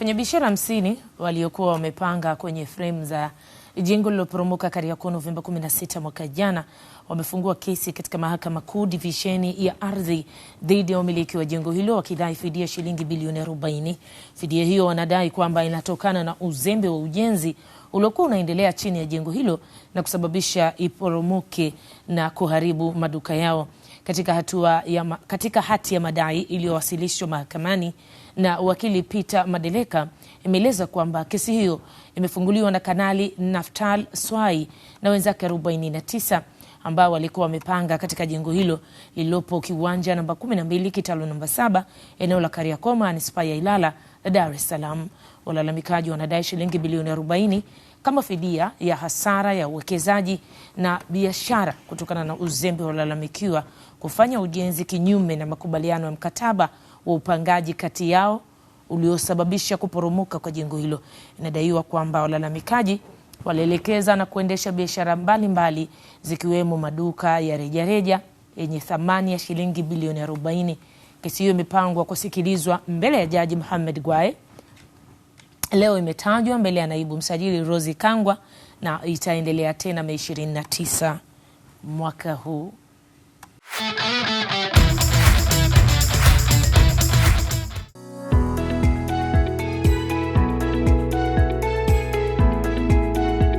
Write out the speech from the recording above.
Wafanyabiashara hamsini waliokuwa wamepanga kwenye fremu za jengo lililoporomoka Kariakoo Novemba 16 mwaka jana wamefungua kesi katika Mahakama Kuu divisheni ya ardhi dhidi ya wamiliki wa jengo hilo wakidai fidia shilingi bilioni 40. Fidia hiyo wanadai kwamba inatokana na uzembe wa ujenzi uliokuwa unaendelea chini ya jengo hilo na kusababisha iporomoke na kuharibu maduka yao katika, hatua ya ma, katika hati ya madai iliyowasilishwa mahakamani na wakili Peter Madeleka imeeleza kwamba kesi hiyo imefunguliwa na Kanali Naftal Swai na wenzake 49 ambao walikuwa wamepanga katika jengo hilo lililopo kiwanja namba 12 kitalo namba 7 eneo la Kariakoo manispaa ya Ilala na Dar es Salaam. Walalamikaji wanadai shilingi bilioni 40 kama fidia ya hasara ya uwekezaji na biashara kutokana na uzembe walalamikiwa kufanya ujenzi kinyume na makubaliano ya mkataba wa upangaji kati yao uliosababisha kuporomoka kwa jengo hilo. Inadaiwa kwamba walalamikaji walielekeza na kuendesha biashara mbalimbali zikiwemo maduka ya rejareja yenye thamani ya shilingi bilioni 40. Kesi hiyo imepangwa kusikilizwa mbele ya Jaji Mohamed Gwae. Leo imetajwa mbele ya naibu msajili Rosi Kangwa na itaendelea tena Mei 29 mwaka huu.